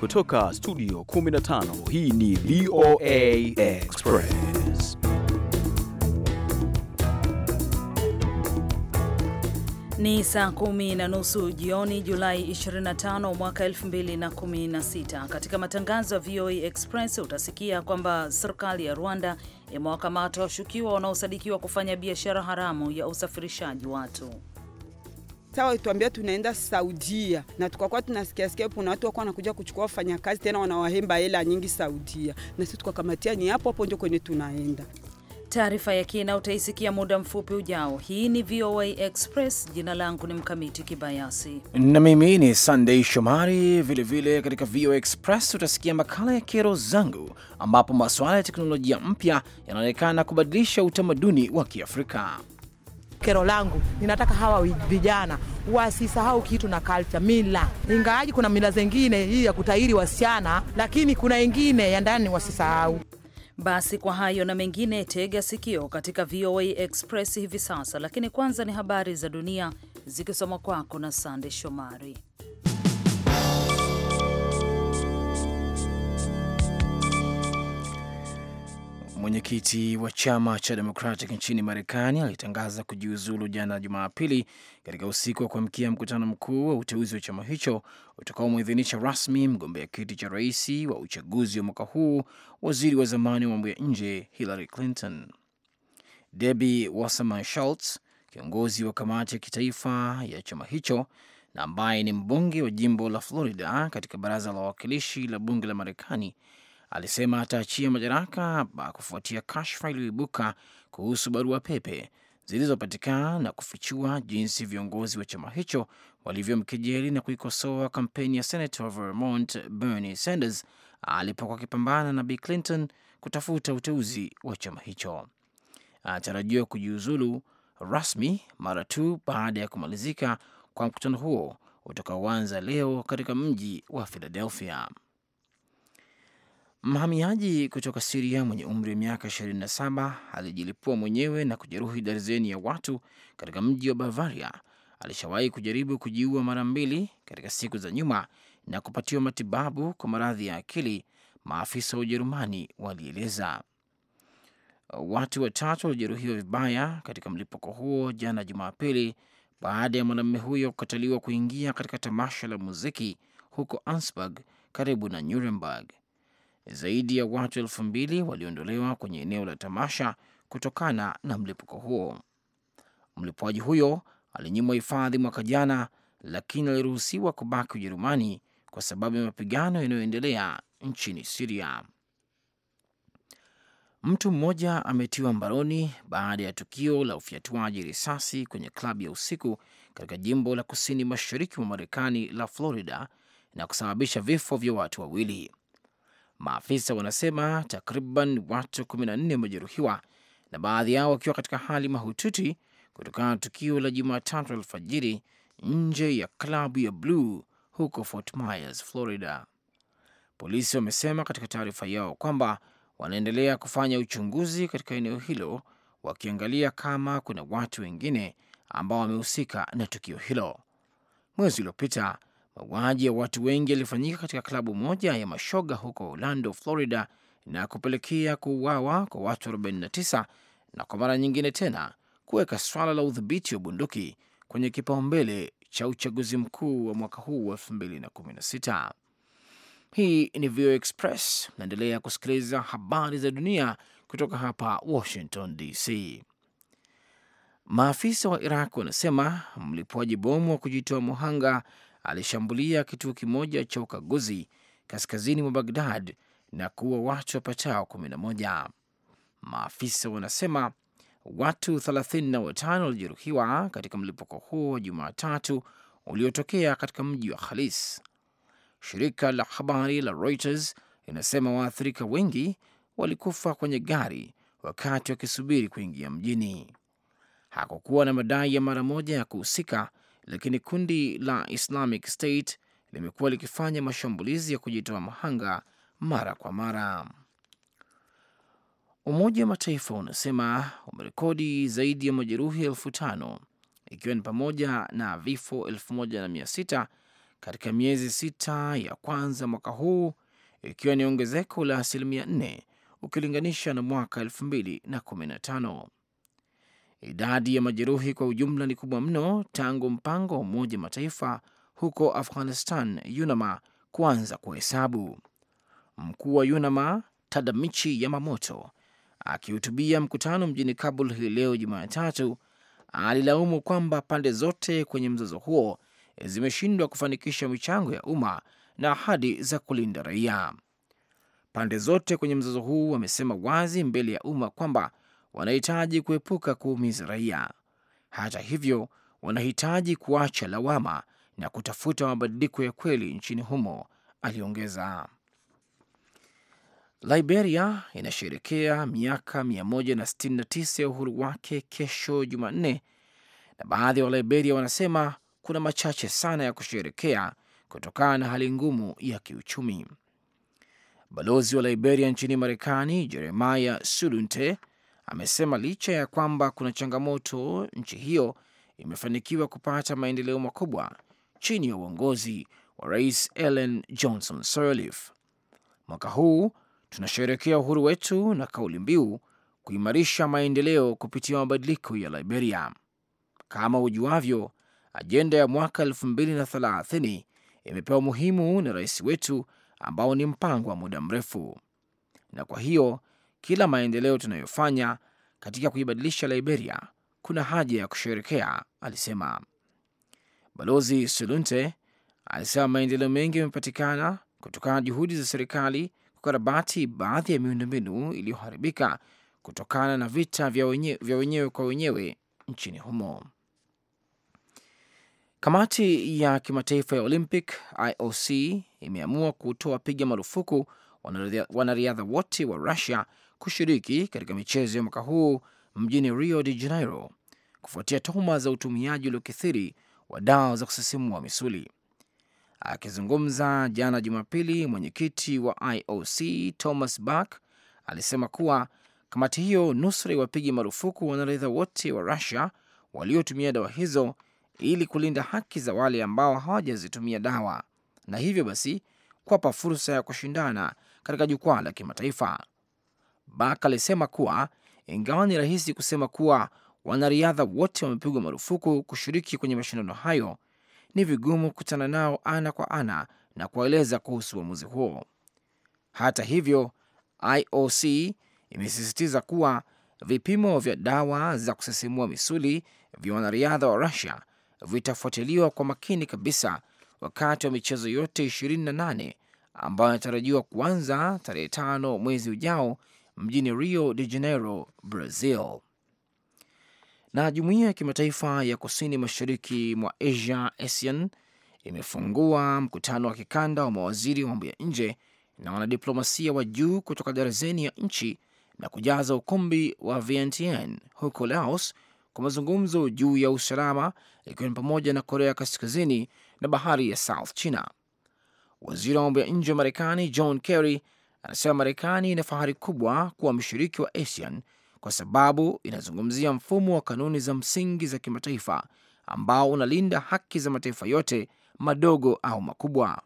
Kutoka studio 15 hii ni VOA Express. Ni saa kumi na nusu jioni Julai 25 mwaka 2016. Katika matangazo ya VOA Express utasikia kwamba serikali ya Rwanda imewakamata washukiwa wanaosadikiwa kufanya biashara haramu ya usafirishaji watu. Sawa, ituambia tunaenda Saudia na tukakuwa tunasikia sikia kuna watu wako wanakuja kuchukua wafanyakazi tena wanawahemba hela nyingi Saudia, na sisi tukakamatia ni hapo hapo ndio kwenye tunaenda. Taarifa ya kina utaisikia muda mfupi ujao. Hii ni VOA Express. Jina langu ni Mkamiti Kibayasi na mimi ni Sunday Shomari. Vilevile katika VOA Express utasikia makala ya kero zangu, ambapo masuala ya teknolojia mpya yanaonekana kubadilisha utamaduni wa Kiafrika. Kero langu ninataka hawa vijana wasisahau kitu na culture, mila. Ingaaji kuna mila zengine hii ya kutahiri wasichana, lakini kuna ingine ya ndani wasisahau. Basi kwa hayo na mengine, tega sikio katika VOA Express hivi sasa, lakini kwanza ni habari za dunia zikisoma kwako na Sande Shomari. Mwenyekiti wa chama cha Democratic nchini Marekani alitangaza kujiuzulu jana Jumapili katika usiku wa kuamkia mkutano mkuu wa uteuzi wa chama hicho utakaomwidhinisha rasmi mgombea kiti cha rais wa uchaguzi wa mwaka huu, waziri wa zamani wa mambo ya nje Hillary Clinton. Debbie Wasserman Schultz, kiongozi wa kamati ya kitaifa ya chama hicho na ambaye ni mbunge wa jimbo la Florida katika baraza la wawakilishi la bunge la Marekani alisema ataachia madaraka kufuatia kashfa iliyoibuka kuhusu barua pepe zilizopatikana na kufichua jinsi viongozi wa chama hicho walivyomkejeli na kuikosoa kampeni ya senator wa Vermont Bernie Sanders alipokuwa akipambana na Bill Clinton kutafuta uteuzi wa chama hicho. Anatarajiwa kujiuzulu rasmi mara tu baada ya kumalizika kwa mkutano huo utakaoanza leo katika mji wa Philadelphia. Mhamiaji kutoka Siria mwenye umri wa miaka 27 alijilipua mwenyewe na kujeruhi darzeni ya watu katika mji wa Bavaria. Alishawahi kujaribu kujiua mara mbili katika siku za nyuma na kupatiwa matibabu kwa maradhi ya akili, maafisa wa Ujerumani walieleza. Watu watatu walijeruhiwa vibaya katika mlipuko huo jana Jumapili, baada ya mwanamume huyo kukataliwa kuingia katika tamasha la muziki huko ansburg karibu na Nuremberg. Zaidi ya watu elfu mbili waliondolewa kwenye eneo la tamasha kutokana na mlipuko huo. Mlipuaji huyo alinyimwa hifadhi mwaka jana, lakini aliruhusiwa kubaki Ujerumani kwa sababu ya mapigano yanayoendelea nchini Siria. Mtu mmoja ametiwa mbaroni baada ya tukio la ufyatuaji risasi kwenye klabu ya usiku katika jimbo la kusini mashariki mwa Marekani la Florida na kusababisha vifo vya watu wawili. Maafisa wanasema takriban watu 14 wamejeruhiwa na baadhi yao wakiwa katika hali mahututi kutokana na tukio la Jumatatu alfajiri nje ya klabu ya Blue huko Fort Myers, Florida. Polisi wamesema katika taarifa yao kwamba wanaendelea kufanya uchunguzi katika eneo hilo wakiangalia kama kuna watu wengine ambao wamehusika na tukio hilo. Mwezi uliopita Mauaji ya watu wengi yalifanyika katika klabu moja ya mashoga huko Orlando, Florida, na kupelekea kuuawa kwa watu 49 na kwa mara nyingine tena kuweka swala la udhibiti wa bunduki kwenye kipaumbele cha uchaguzi mkuu wa mwaka huu wa 2016. Hii ni VOA Express, naendelea kusikiliza habari za dunia kutoka hapa Washington DC. Maafisa wa Iraq wanasema mlipuaji bomu wa kujitoa muhanga alishambulia kituo kimoja cha ukaguzi kaskazini mwa Bagdad na kuua watu wapatao 11. Maafisa wanasema watu 35 walijeruhiwa katika mlipuko huo wa Jumatatu uliotokea katika mji wa Khalis. Shirika la habari la Reuters linasema waathirika wengi walikufa kwenye gari wakati wakisubiri kuingia mjini. Hakukuwa na madai ya mara moja ya kuhusika lakini kundi la Islamic State limekuwa likifanya mashambulizi ya kujitoa mahanga mara kwa mara. Umoja wa Mataifa unasema umerekodi zaidi ya majeruhi elfu tano ikiwa ni pamoja na vifo elfu moja na mia sita katika miezi sita ya kwanza mwaka huu ikiwa ni ongezeko la asilimia nne ukilinganisha na mwaka elfu mbili na kumi na tano. Idadi ya majeruhi kwa ujumla ni kubwa mno tangu mpango wa Umoja Mataifa huko Afghanistan, YUNAMA, kuanza kuhesabu. Mkuu wa YUNAMA Tadamichi Yamamoto akihutubia mkutano mjini Kabul hii leo Jumatatu alilaumu kwamba pande zote kwenye mzozo huo zimeshindwa kufanikisha michango ya umma na ahadi za kulinda raia. Pande zote kwenye mzozo huu wamesema wazi mbele ya umma kwamba wanahitaji kuepuka kuumiza raia. Hata hivyo, wanahitaji kuacha lawama na kutafuta mabadiliko ya kweli nchini humo, aliongeza. Liberia inasherekea miaka 169 ya uhuru wake kesho Jumanne, na baadhi ya wa Waliberia wanasema kuna machache sana ya kusherekea kutokana na hali ngumu ya kiuchumi. Balozi wa Liberia nchini Marekani, Jeremiah Sulunte, amesema licha ya kwamba kuna changamoto, nchi hiyo imefanikiwa kupata maendeleo makubwa chini ya uongozi wa Rais Ellen Johnson Sirleaf. Mwaka huu tunasherehekea uhuru wetu na kauli mbiu kuimarisha maendeleo kupitia mabadiliko ya Liberia. Kama ujuavyo, ajenda ya mwaka 2030 imepewa umuhimu na rais wetu ambao ni mpango wa muda mrefu, na kwa hiyo kila maendeleo tunayofanya katika kuibadilisha Liberia kuna haja ya kusherekea, alisema. Balozi Sulunte alisema maendeleo mengi yamepatikana kutokana na juhudi za serikali kukarabati baadhi ya miundombinu iliyoharibika kutokana na vita vya wenyewe, vya wenyewe kwa wenyewe nchini humo. Kamati ya kimataifa ya Olympic IOC imeamua kutoa piga marufuku wanariadha wote wa Russia kushiriki katika michezo ya mwaka huu mjini Rio de Janeiro kufuatia tuhuma za utumiaji uliokithiri wa dawa za kusisimua misuli. Akizungumza jana Jumapili, mwenyekiti wa IOC Thomas Bach alisema kuwa kamati hiyo nusra iwapige marufuku wanariadha wote wa Rusia waliotumia dawa hizo ili kulinda haki za wale ambao hawajazitumia dawa na hivyo basi kuwapa fursa ya kushindana katika jukwaa la kimataifa. Bak alisema kuwa ingawa ni rahisi kusema kuwa wanariadha wote wamepigwa marufuku kushiriki kwenye mashindano hayo, ni vigumu kukutana nao ana kwa ana na kuwaeleza kuhusu uamuzi huo. Hata hivyo, IOC imesisitiza kuwa vipimo vya dawa za kusisimua misuli vya wanariadha wa Rusia vitafuatiliwa kwa makini kabisa wakati wa michezo yote 28 ambayo anatarajiwa kuanza tarehe tano mwezi ujao mjini Rio de Janeiro, Brazil. Na jumuiya ya kimataifa ya kusini mashariki mwa Asia, ASEAN, imefungua mkutano wa kikanda wa mawaziri wa mambo ya nje na wanadiplomasia wa juu kutoka darazeni ya nchi na kujaza ukumbi wa Vientiane huko Laos kwa mazungumzo juu ya usalama, ikiwa ni pamoja na Korea Kaskazini na bahari ya South China. Waziri wa mambo ya nje wa Marekani John Kerry anasema Marekani ina fahari kubwa kuwa mshiriki wa ASEAN kwa sababu inazungumzia mfumo wa kanuni za msingi za kimataifa ambao unalinda haki za mataifa yote madogo au makubwa.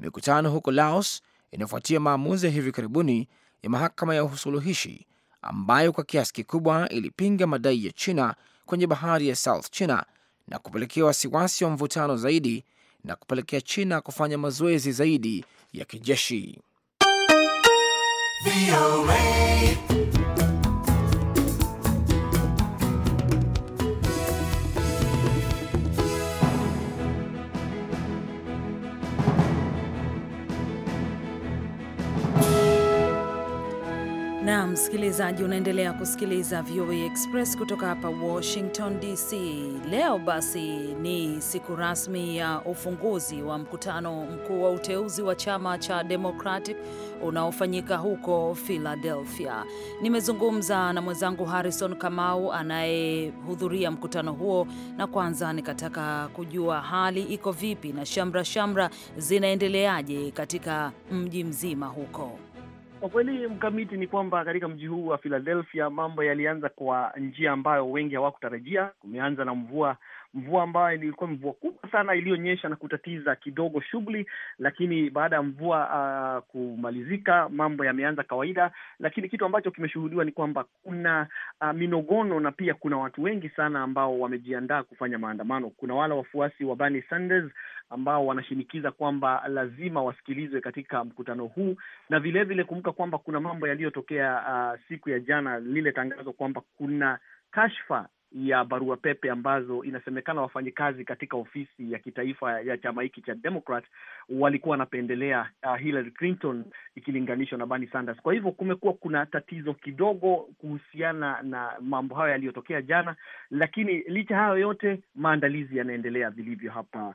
Mikutano huko Laos inafuatia maamuzi ya hivi karibuni ya mahakama ya usuluhishi ambayo kwa kiasi kikubwa ilipinga madai ya China kwenye bahari ya South China na kupelekea wasiwasi wa mvutano zaidi na kupelekea China kufanya mazoezi zaidi ya kijeshi. Be VOA. msikilizaji, unaendelea kusikiliza VOA Express kutoka hapa Washington DC. Leo basi ni siku rasmi ya ufunguzi wa mkutano mkuu wa uteuzi wa chama cha Democratic unaofanyika huko Philadelphia. Nimezungumza na mwenzangu Harrison Kamau anayehudhuria mkutano huo, na kwanza nikataka kujua hali iko vipi na shamra shamra zinaendeleaje katika mji mzima huko. Kwa kweli mkamiti ni kwamba katika mji huu wa Philadelphia mambo yalianza kwa njia ambayo wengi hawakutarajia. Kumeanza na mvua mvua ambayo ilikuwa mvua kubwa sana iliyonyesha na kutatiza kidogo shughuli, lakini baada ya mvua uh, kumalizika mambo yameanza kawaida. Lakini kitu ambacho kimeshuhudiwa ni kwamba kuna uh, minogono na pia kuna watu wengi sana ambao wamejiandaa kufanya maandamano. Kuna wale wafuasi wa Bernie Sanders ambao wanashinikiza kwamba lazima wasikilizwe katika mkutano huu, na vilevile kumbuka kwamba kuna mambo yaliyotokea uh, siku ya jana, lile tangazo kwamba kuna kashfa ya barua pepe ambazo inasemekana wafanyikazi katika ofisi ya kitaifa ya chama hiki cha Democrat walikuwa wanapendelea uh, Hillary Clinton ikilinganishwa na Bernie Sanders. Kwa hivyo kumekuwa kuna tatizo kidogo kuhusiana na mambo hayo yaliyotokea jana, lakini licha hayo yote maandalizi yanaendelea vilivyo hapa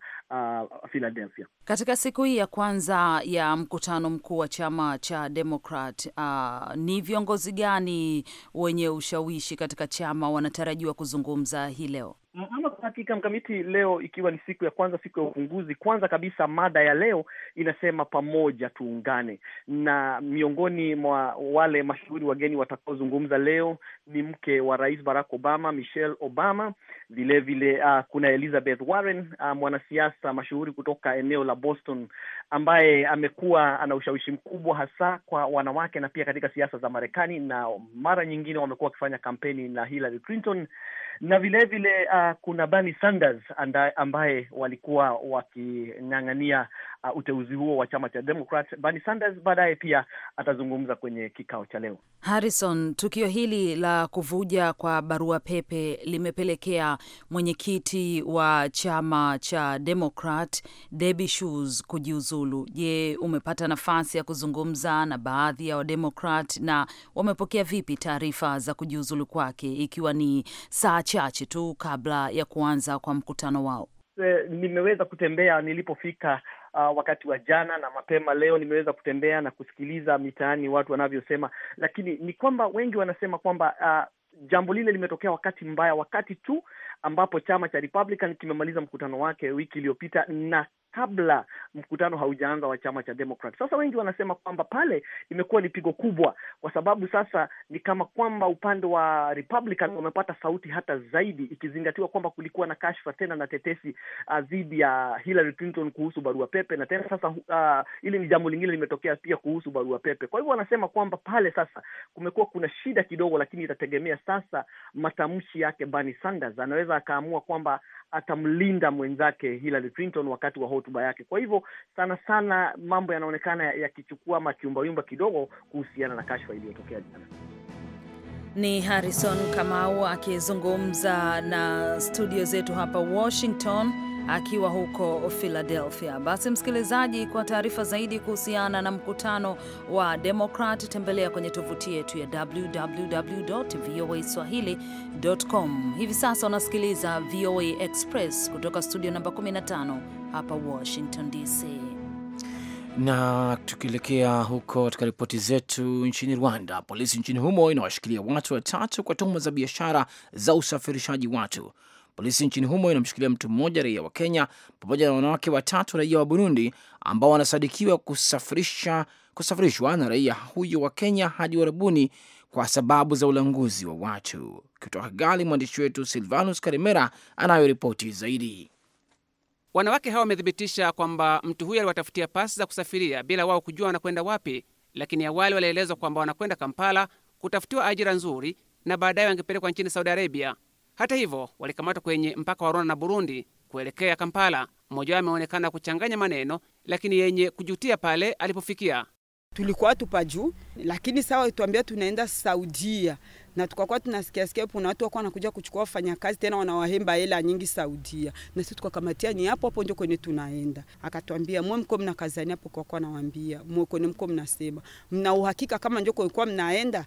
uh, Philadelphia. Katika siku hii ya kwanza ya mkutano mkuu wa chama cha Democrat, uh, ni viongozi gani wenye ushawishi katika chama wanatarajiwa kuzungumza hii leo? ama kwa hakika mkamiti, leo ikiwa ni siku ya kwanza, siku ya ufunguzi, kwanza kabisa mada ya leo inasema pamoja tuungane, na miongoni mwa wale mashuhuri wageni watakaozungumza leo ni mke wa rais Barack Obama, Michelle Obama, vilevile vile, uh, kuna Elizabeth Warren, uh, mwanasiasa mashuhuri kutoka eneo la Boston ambaye amekuwa ana ushawishi mkubwa hasa kwa wanawake na pia katika siasa za Marekani, na mara nyingine wamekuwa wakifanya kampeni na Hillary Clinton na vilevile vile, uh, kuna Bernie Sanders ambaye walikuwa waking'ang'ania uh, uteuzi huo wa chama cha Democrat. Bernie Sanders baadaye pia atazungumza kwenye kikao cha leo. Harrison, tukio hili la kuvuja kwa barua pepe limepelekea mwenyekiti wa chama cha Democrat Debbie Schultz kujiuzulu. Je, umepata nafasi ya kuzungumza na baadhi ya Wademokrat na wamepokea vipi taarifa za kujiuzulu kwake, ikiwa ni saa chache tu kabla ya kuanza kwa mkutano wao? Eh, nimeweza kutembea nilipofika uh, wakati wa jana na mapema leo nimeweza kutembea na kusikiliza mitaani watu wanavyosema, lakini ni kwamba wengi wanasema kwamba uh, jambo lile limetokea wakati mbaya, wakati tu ambapo chama cha Republican kimemaliza mkutano wake wiki iliyopita na kabla mkutano haujaanza wa chama cha Demokrat. Sasa wengi wanasema kwamba pale imekuwa ni pigo kubwa, kwa sababu sasa ni kama kwamba upande wa Republican wamepata sauti hata zaidi, ikizingatiwa kwamba kulikuwa na kashfa tena na tetesi uh, dhidi ya Hillary Clinton kuhusu barua pepe, na tena sasa uh, hili uh, ni jambo lingine limetokea pia kuhusu barua pepe. Kwa hivyo wanasema kwamba pale sasa kumekuwa kuna shida kidogo, lakini itategemea sasa matamshi yake. Bernie Sanders anaweza akaamua kwamba atamlinda mwenzake Hillary Clinton wakati wa hotuba yake. Kwa hivyo sana sana mambo yanaonekana yakichukua ama kiumbayumba kidogo kuhusiana na kashfa iliyotokea jana. Ni Harrison Kamau akizungumza na studio zetu hapa Washington akiwa huko Philadelphia. Basi msikilizaji, kwa taarifa zaidi kuhusiana na mkutano wa Demokrat tembelea kwenye tovuti yetu ya swahilicom Hivi sasa unasikiliza VOA Express kutoka studio namba 15 hapa Washington DC. Na tukielekea huko katika ripoti zetu nchini Rwanda, polisi nchini humo inawashikilia watu watatu kwa tuhuma za biashara za usafirishaji watu. Polisi nchini humo inamshikilia mtu mmoja raia wa Kenya pamoja na wanawake watatu raia wa Burundi ambao wanasadikiwa kusafirisha kusafirishwa na raia huyo wa Kenya hadi warabuni kwa sababu za ulanguzi wa watu. Kutoka Kigali, mwandishi wetu Silvanus Karimera anayo ripoti zaidi. Wanawake hawa wamethibitisha kwamba mtu huyo aliwatafutia pasi za kusafiria bila wao kujua wanakwenda wapi, lakini awali walielezwa kwamba wanakwenda Kampala kutafutiwa ajira nzuri na baadaye wangepelekwa nchini Saudi Arabia. Hata hivyo, walikamatwa kwenye mpaka wa Rwanda na Burundi kuelekea Kampala. Mmoja wao ameonekana kuchanganya maneno, lakini yenye kujutia pale alipofikia tulikuwa tupa juu, lakini sawa tuambia tunaenda Saudia na tukakuwa tunasikia sikia kuna watu wako wanakuja kuchukua wafanyakazi tena wanawahemba hela nyingi Saudia, na sisi tukakamatia ni hapo hapo ndio kwenye tunaenda. Akatuambia mwe mko mna kazani hapo, kwa kwa nawaambia mwe kwenye mko mnasema mna uhakika kama ndio kwa mnaenda.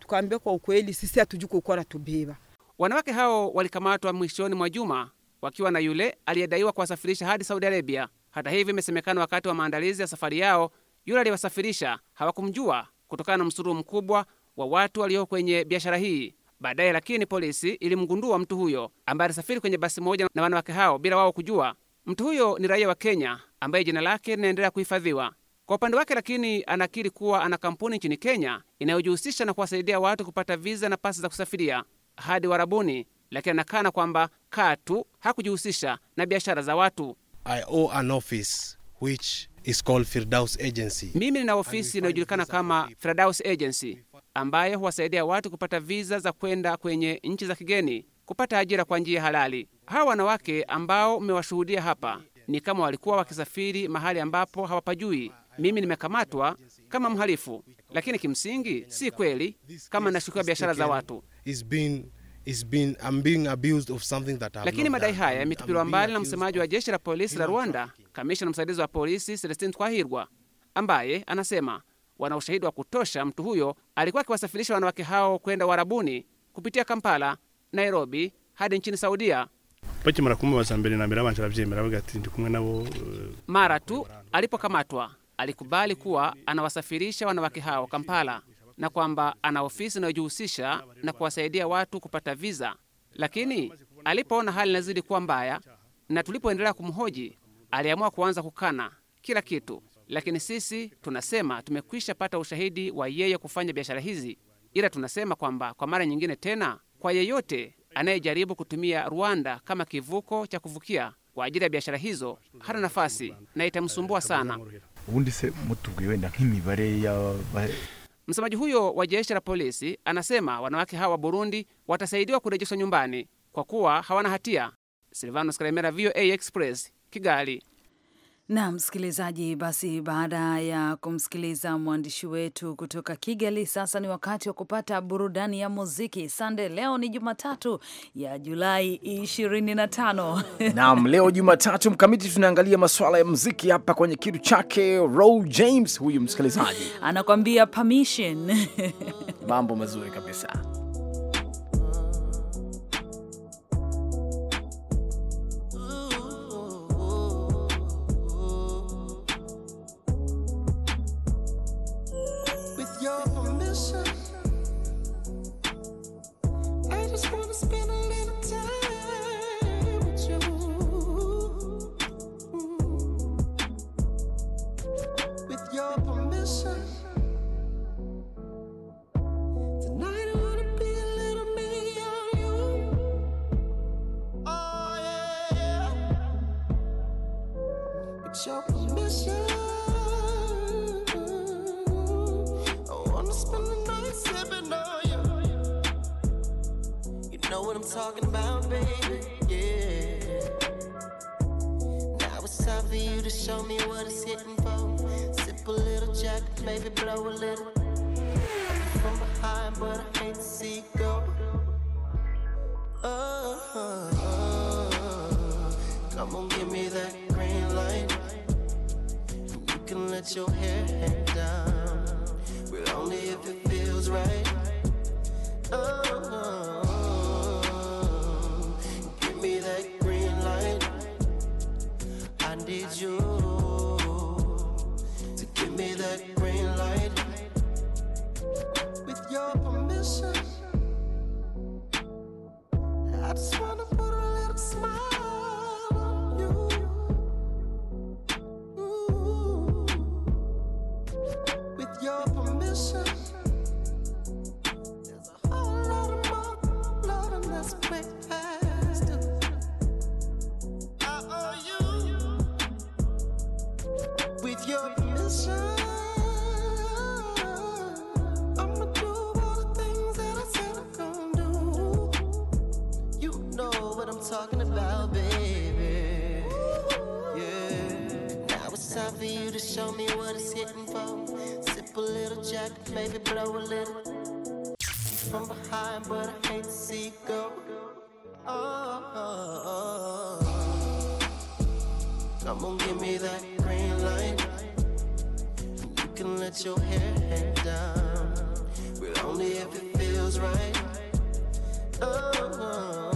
Tukaambia kwa ukweli sisi hatujui kwa na tubeba. Wanawake hao walikamatwa mwishoni mwa juma wakiwa na yule aliyedaiwa kuwasafirisha hadi Saudi Arabia. Hata hivyo, imesemekana wakati wa maandalizi ya safari yao yule aliyewasafirisha hawakumjua kutokana na msururu mkubwa wa watu walioko kwenye biashara hii. Baadaye lakini polisi ilimgundua mtu huyo ambaye alisafiri kwenye basi moja na wanawake hao bila wao kujua. Mtu huyo ni raia wa Kenya ambaye jina lake linaendelea kuhifadhiwa. Kwa upande wake lakini anakiri kuwa ana kampuni nchini Kenya inayojihusisha na kuwasaidia watu kupata viza na pasi za kusafiria hadi Warabuni, lakini anakana kwamba katu hakujihusisha na biashara za watu. I owe an office which is called Firdaus Agency. Mimi nina ofisi inayojulikana kama Firdaus Agency ambayo huwasaidia watu kupata viza za kwenda kwenye nchi za kigeni kupata ajira kwa njia halali. Hawa wanawake ambao mmewashuhudia hapa ni kama walikuwa wakisafiri mahali ambapo hawapajui. Mimi nimekamatwa kama mhalifu, lakini kimsingi si kweli, kama nashukiwa biashara za watu lakini madai haya yametupiliwa mbali na msemaji wa jeshi la polisi la Rwanda, kamishna msaidizi wa polisi Celestin Twahirwa ambaye anasema wana ushahidi wa kutosha mtu huyo alikuwa akiwasafirisha wanawake hao kwenda Warabuni kupitia Kampala, Nairobi hadi nchini Saudia. Uh, mara tu alipokamatwa alikubali kuwa anawasafirisha wanawake hao Kampala na kwamba ana ofisi inayojihusisha na kuwasaidia watu kupata viza, lakini alipoona hali inazidi kuwa mbaya na tulipoendelea kumhoji, aliamua kuanza kukana kila kitu. Lakini sisi tunasema tumekwisha pata ushahidi wa yeye kufanya biashara hizi, ila tunasema kwamba kwa mara nyingine tena, kwa yeyote anayejaribu kutumia Rwanda kama kivuko cha kuvukia kwa ajili ya biashara hizo hana nafasi na itamsumbua sana. Msemaji huyo wa jeshi la polisi anasema wanawake hawa wa Burundi watasaidiwa kurejeshwa nyumbani kwa kuwa hawana hatia. Silvanus Karemera, VOA Express, Kigali. Na msikilizaji, basi baada ya kumsikiliza mwandishi wetu kutoka Kigali, sasa ni wakati wa kupata burudani ya muziki. Sande, leo ni Jumatatu ya Julai 25. Naam, leo Jumatatu mkamiti, tunaangalia masuala ya muziki hapa kwenye kitu chake Roy James. Huyu msikilizaji anakuambia permission. Mambo mazuri kabisa. from behind, but I hate to see you go. Oh, oh, oh, come on, give me that green light. You can let your hair hang down, but only if it feels right. oh. With your permission, I'ma do all the things that I said I'm gonna do. You know what I'm talking about, baby. Yeah. Now it's time for you to show me what it's hitting for. Sip a little jack, maybe blow a little. From behind, but I hate to see you go. oh. oh, oh. Come on, give me that let your hair hang down. We're only if it feels right. oh.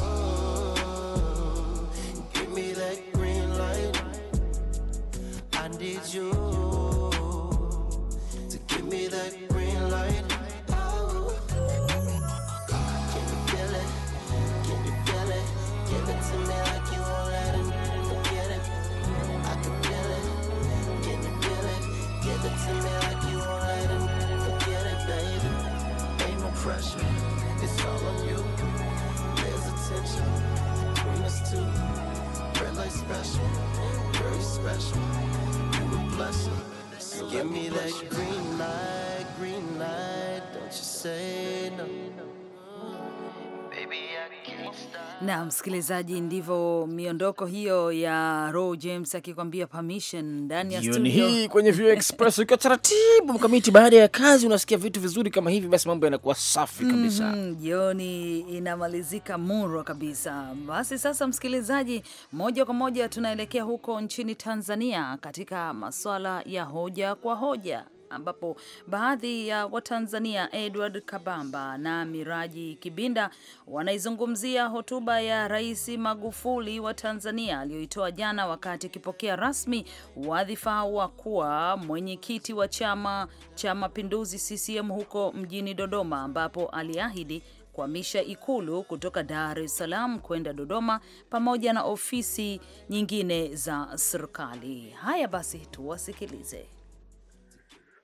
na msikilizaji, ndivyo miondoko hiyo ya Row James akikwambia permission ndani ya studio hii kwenye View Express. Ukiwa taratibu mkamiti, baada ya kazi unasikia vitu vizuri kama hivi, basi mambo yanakuwa safi kabisa. mm -hmm. Jioni inamalizika murwa kabisa. Basi sasa, msikilizaji, moja kwa moja tunaelekea huko nchini Tanzania katika maswala ya hoja kwa hoja ambapo baadhi ya Watanzania Edward Kabamba na Miraji Kibinda wanaizungumzia hotuba ya Rais Magufuli wa Tanzania aliyoitoa jana wakati akipokea rasmi wadhifa wa kuwa mwenyekiti wa Chama cha Mapinduzi CCM huko mjini Dodoma, ambapo aliahidi kuhamisha Ikulu kutoka Dar es Salaam kwenda Dodoma pamoja na ofisi nyingine za serikali. Haya basi, tuwasikilize.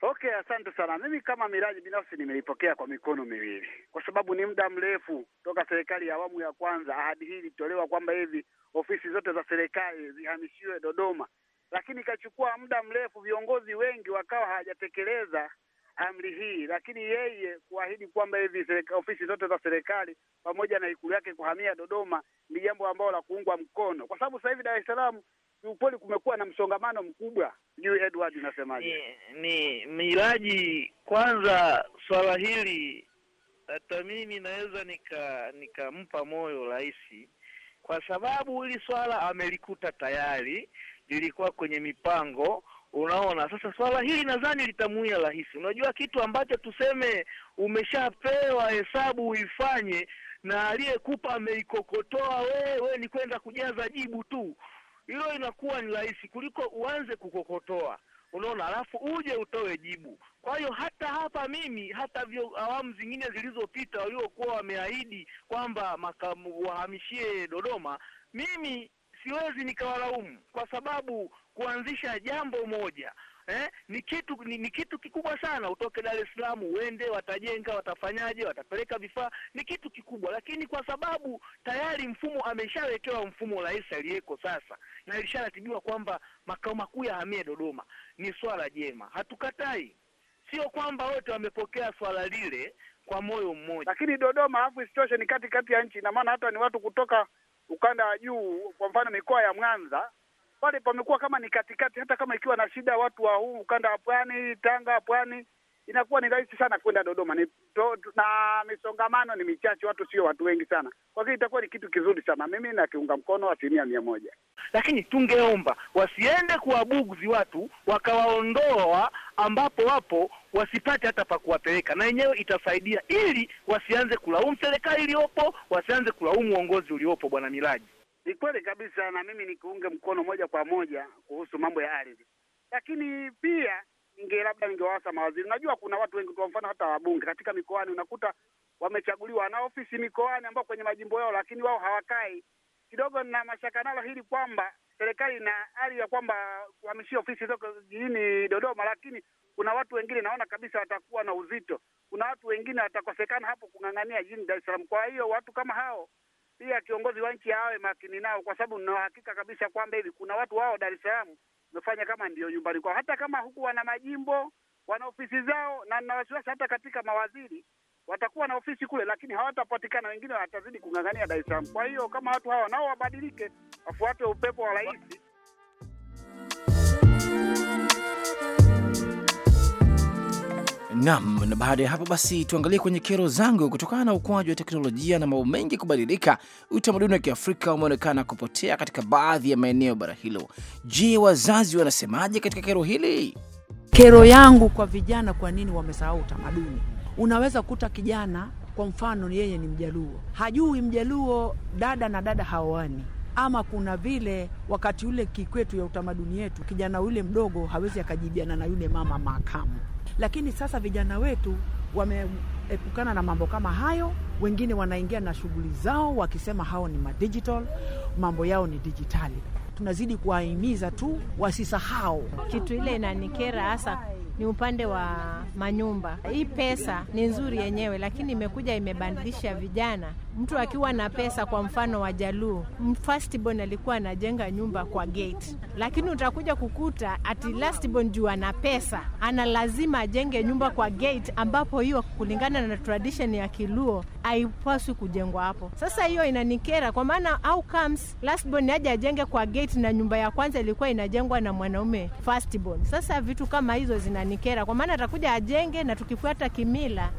Okay, asante sana. Mimi kama miraji binafsi nimeipokea kwa mikono miwili, kwa sababu ni muda mrefu toka serikali ya awamu ya kwanza ahadi hii ilitolewa kwamba hivi ofisi zote za serikali zihamishiwe Dodoma, lakini ikachukua muda mrefu, viongozi wengi wakawa hawajatekeleza amri hii, lakini yeye kuahidi kwamba hivi ofisi zote za serikali pamoja na ikulu yake kuhamia Dodoma ni jambo ambalo la kuungwa mkono, kwa sababu sasa hivi Dar es Salaam kiukweli kumekuwa na msongamano mkubwa. Sijui Edward unasemaje? Ni Miraji, kwanza swala hili hata mimi naweza nika nikampa moyo rais, kwa sababu hili swala amelikuta tayari lilikuwa kwenye mipango. Unaona, sasa swala hili nadhani litamuia rahisi. Unajua kitu ambacho tuseme umeshapewa hesabu uifanye, na aliyekupa ameikokotoa wewe, we ni kwenda kujaza jibu tu hilo inakuwa ni rahisi kuliko uanze kukokotoa, unaona, alafu uje utoe jibu. Kwa hiyo hata hapa mimi, hata vyo awamu zingine zilizopita waliokuwa wameahidi kwamba makamu wahamishie Dodoma, mimi siwezi nikawalaumu kwa sababu kuanzisha jambo moja Eh, ni kitu ni, ni kitu kikubwa sana. Utoke Dar es Salaam uende, watajenga, watafanyaje, watapeleka vifaa, ni kitu kikubwa, lakini kwa sababu tayari mfumo ameshawekewa mfumo rahisi aliyeko sasa, na ilisharatibiwa kwamba makao makuu yahamie Dodoma. Ni swala jema, hatukatai, sio kwamba wote wamepokea swala lile kwa moyo mmoja, lakini Dodoma alafu isitoshe ni kati kati ya nchi, ina maana hata ni watu kutoka ukanda wa juu, kwa mfano mikoa ya Mwanza pale pamekuwa kama ni katikati, hata kama ikiwa na shida watu wa huu ukanda wa pwani, Tanga, pwani inakuwa ni rahisi sana kwenda Dodoma ni to, na misongamano ni michache, watu sio watu wengi sana. Kwa hiyo itakuwa ni kitu kizuri sana, mimi nakiunga mkono asilimia mia moja, lakini tungeomba wasiende kuwabugzi watu wakawaondoa ambapo wapo wasipate hata pa kuwapeleka, na yenyewe itasaidia ili wasianze kulaumu serikali iliyopo, wasianze kulaumu uongozi uliopo. Bwana Miraji, ni kweli kabisa, na mimi nikiunge mkono moja kwa moja kuhusu mambo ya ardhi, lakini pia ninge labda ningewaasa mawaziri. Najua kuna watu wengi, kwa mfano hata wabunge katika mikoani, unakuta wamechaguliwa na ofisi mikoani ambao kwenye majimbo yao, lakini wao hawakai. Kidogo na mashaka nalo hili kwamba serikali ina hali ya kwamba kuhamishia ofisi zoko jijini Dodoma, lakini kuna watu wengine naona kabisa watakuwa na uzito. Kuna watu wengine watakosekana hapo kung'ang'ania jijini Dar es Salaam. Kwa hiyo watu kama hao pia kiongozi wa nchi awe makini nao, kwa sababu nina uhakika kabisa kwamba hivi kuna watu wao Dar es Salaam umefanya kama ndio nyumbani kwao, hata kama huku wana majimbo wana ofisi zao, na na wasiwasi hata katika mawaziri watakuwa na ofisi kule, lakini hawatapatikana, wengine watazidi kung'ang'ania Dar es Salaam. Kwa hiyo kama watu hawa nao wabadilike, wafuate upepo wa rais nam na baada ya hapo basi tuangalie kwenye kero zangu. Kutokana na ukuaji wa teknolojia na mambo mengi kubadilika, utamaduni wa Kiafrika umeonekana kupotea katika baadhi ya maeneo bara hilo. Je, wazazi wanasemaje katika kero hili? Kero yangu kwa vijana, kwa nini wamesahau utamaduni? Unaweza kuta kijana kwa mfano, yeye ni Mjaluo, hajui Mjaluo dada na dada hawani ama kuna vile wakati ule kikwetu ya utamaduni yetu, kijana yule mdogo hawezi akajibiana na yule mama makamu lakini sasa vijana wetu wameepukana na mambo kama hayo, wengine wanaingia na shughuli zao wakisema hao ni madigital, mambo yao ni dijitali. Tunazidi kuwahimiza tu wasisahau kitu ile inanikera hasa ni upande wa manyumba. Hii pesa ni nzuri yenyewe, lakini imekuja imebadilisha vijana. Mtu akiwa na pesa, kwa mfano wa Jaluo, first born alikuwa anajenga nyumba kwa gate, lakini utakuja kukuta ati born juu ana pesa, ana lazima ajenge nyumba kwa gate, ambapo hiyo kulingana na tradition ya Kiluo haipaswi kujengwa hapo. Sasa hiyo inanikera kwa maana how comes last born aje ajenge kwa gate na nyumba ya kwanza ilikuwa inajengwa na mwanaume first born? Sasa vitu kama hizo zina inanikera, kwa maana atakuja ajenge, na tukifuata kimila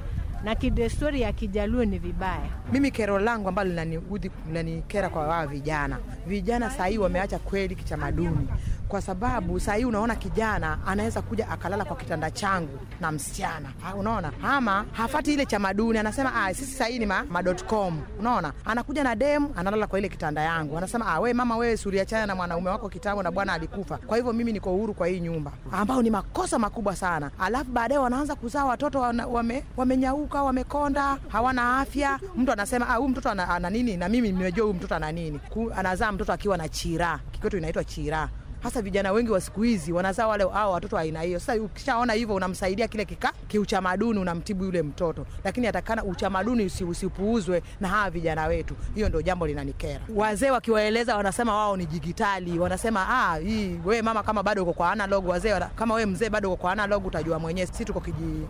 na kidesturi ya Kijaluo ni vibaya. Mimi kero langu ambalo linaniudhi linanikera kwa wao vijana, vijana sahii wameacha kweli kitamaduni kwa sababu saa hii unaona kijana anaweza kuja akalala kwa kitanda changu na msichana ha, unaona ama hafati ile chamaduni, anasema ah, sisi sahii ni ma, ma.com. Unaona, anakuja na demu analala kwa ile kitanda yangu, anasema ah, we mama, wewe suriachana na mwanaume wako kitambo na bwana alikufa, kwa hivyo mimi niko uhuru kwa hii nyumba, ambao ni makosa makubwa sana. Alafu baadaye wanaanza kuzaa watoto wamenyauka wame, wamenyauka wamekonda, hawana afya. Mtu anasema ah, huyu mtoto ana, ana nini, na mimi nimejua huyu mtoto ana nini. Anazaa mtoto akiwa na chira, kikwetu inaitwa chira hasa vijana wengi wa siku hizi wanazaa wale hao watoto aina hiyo. Sasa ukishaona hivyo, unamsaidia kile kika kiuchamaduni, unamtibu yule mtoto, lakini atakana uchamaduni usipuuzwe na hawa vijana wetu. Hiyo ndio jambo linanikera. Wazee wakiwaeleza wanasema wao ni digitali, wanasema ah, hii we mama kama bado uko kwa analog, wazee kama we mzee bado uko kwa analog, utajua mwenyewe, sisi tuko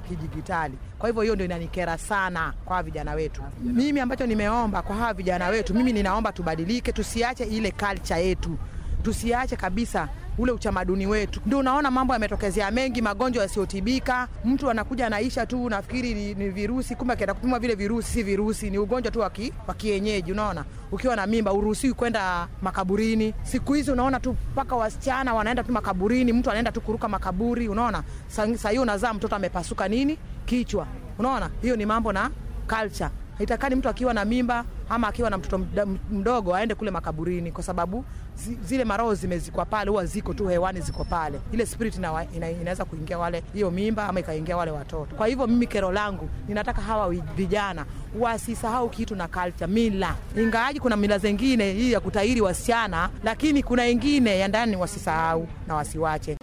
kijigitali. Kwa hivyo hiyo ndio inanikera sana kwa vijana wetu. Mimi ambacho nimeomba kwa hawa vijana wetu, mimi ninaomba tubadilike, tusiache ile culture yetu tusiache kabisa ule utamaduni wetu. Ndio unaona mambo yametokezea mengi, magonjwa yasiyotibika. Mtu anakuja anaisha tu, nafikiri ni, ni virusi, kumbe akienda kupimwa vile virusi si virusi, ni ugonjwa tu wa kienyeji. Unaona, ukiwa na mimba uruhusiwi kwenda makaburini. Siku hizi unaona tu mpaka wasichana wanaenda tu makaburini, mtu anaenda tu kuruka makaburi. Unaona, saa hii unazaa mtoto amepasuka nini kichwa. Unaona, hiyo ni mambo na culture haitakani mtu akiwa na mimba ama akiwa na mtoto mdogo aende kule makaburini, kwa sababu zile maroho zimezikwa pale, huwa ziko tu hewani, ziko pale, ile spirit ina, ina, inaweza kuingia wale hiyo mimba ama ikaingia wale watoto. Kwa hivyo mimi kero langu ninataka hawa vijana wasisahau kitu na culture, mila, ingawaji kuna mila zengine hii ya kutahiri wasichana, lakini kuna ingine ya ndani wasisahau na wasiwache.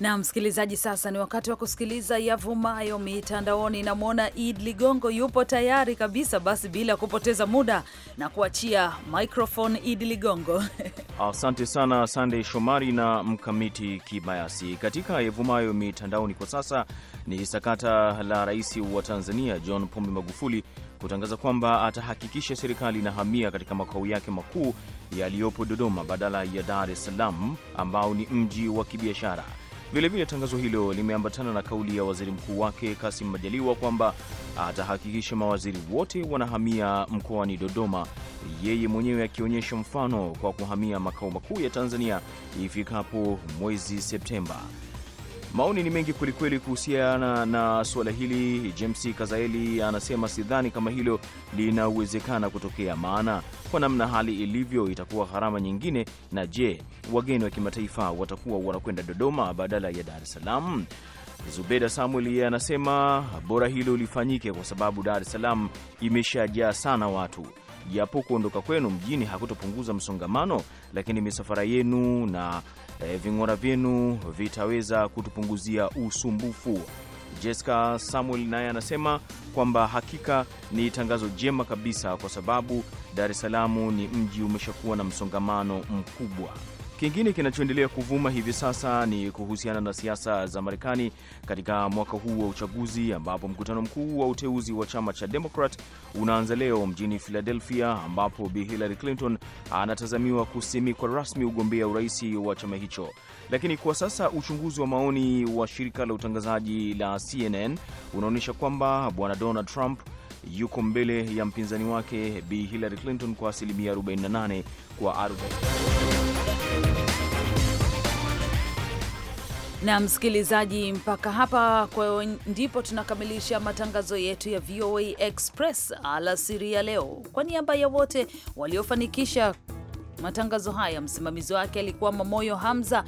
Na msikilizaji, sasa ni wakati wa kusikiliza yavumayo mitandaoni. Namwona Id Ligongo yupo tayari kabisa, basi bila kupoteza muda na kuachia microphone Id Ligongo. Asante sana Sandey Shomari na Mkamiti Kibayasi. Katika yavumayo mitandaoni kwa sasa ni sakata la rais wa Tanzania John Pombe Magufuli kutangaza kwamba atahakikisha serikali inahamia katika makao yake makuu yaliyopo Dodoma badala ya Dar es Salaam ambao ni mji wa kibiashara. Vilevile, tangazo hilo limeambatana na kauli ya waziri mkuu wake Kasim Majaliwa kwamba atahakikisha mawaziri wote wanahamia mkoani Dodoma, yeye mwenyewe akionyesha mfano kwa kuhamia makao makuu ya Tanzania ifikapo mwezi Septemba. Maoni ni mengi kwelikweli kuhusiana na suala hili. James Kazaeli anasema sidhani kama hilo linawezekana kutokea, maana kwa namna hali ilivyo itakuwa gharama nyingine. Na je, wageni wa kimataifa watakuwa wanakwenda Dodoma badala ya Dar es Salaam? Zubeda Samuel yeye anasema bora hilo lifanyike kwa sababu Dar es Salaam imeshajaa sana watu japo kuondoka kwenu mjini hakutopunguza msongamano, lakini misafara yenu na e, ving'ora vyenu vitaweza kutupunguzia usumbufu. Jessica Samuel naye anasema kwamba hakika ni tangazo jema kabisa, kwa sababu Dar es Salaam ni mji umeshakuwa na msongamano mkubwa. Kingine kinachoendelea kuvuma hivi sasa ni kuhusiana na siasa za Marekani katika mwaka huu wa uchaguzi, ambapo mkutano mkuu wa uteuzi wa chama cha Demokrat unaanza leo mjini Philadelphia, ambapo Bi Hillary Clinton anatazamiwa kusimikwa rasmi ugombea urais wa chama hicho. Lakini kwa sasa uchunguzi wa maoni wa shirika la utangazaji la CNN unaonyesha kwamba bwana Donald Trump yuko mbele ya mpinzani wake Bi Hillary Clinton kwa asilimia 48 kwa 40. na msikilizaji, mpaka hapa kwao ndipo tunakamilisha matangazo yetu ya VOA Express alasiri ya leo. Kwa niaba ya wote waliofanikisha matangazo haya, msimamizi wake alikuwa Mamoyo Hamza,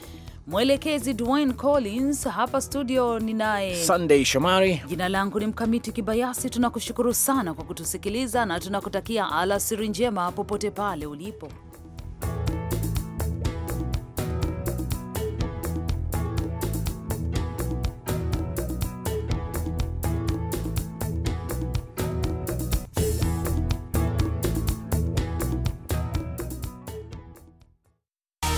mwelekezi Dwayne Collins, hapa studio ni naye Sunday Shomari. Jina langu ni Mkamiti Kibayasi. Tunakushukuru sana kwa kutusikiliza na tunakutakia alasiri njema popote pale ulipo.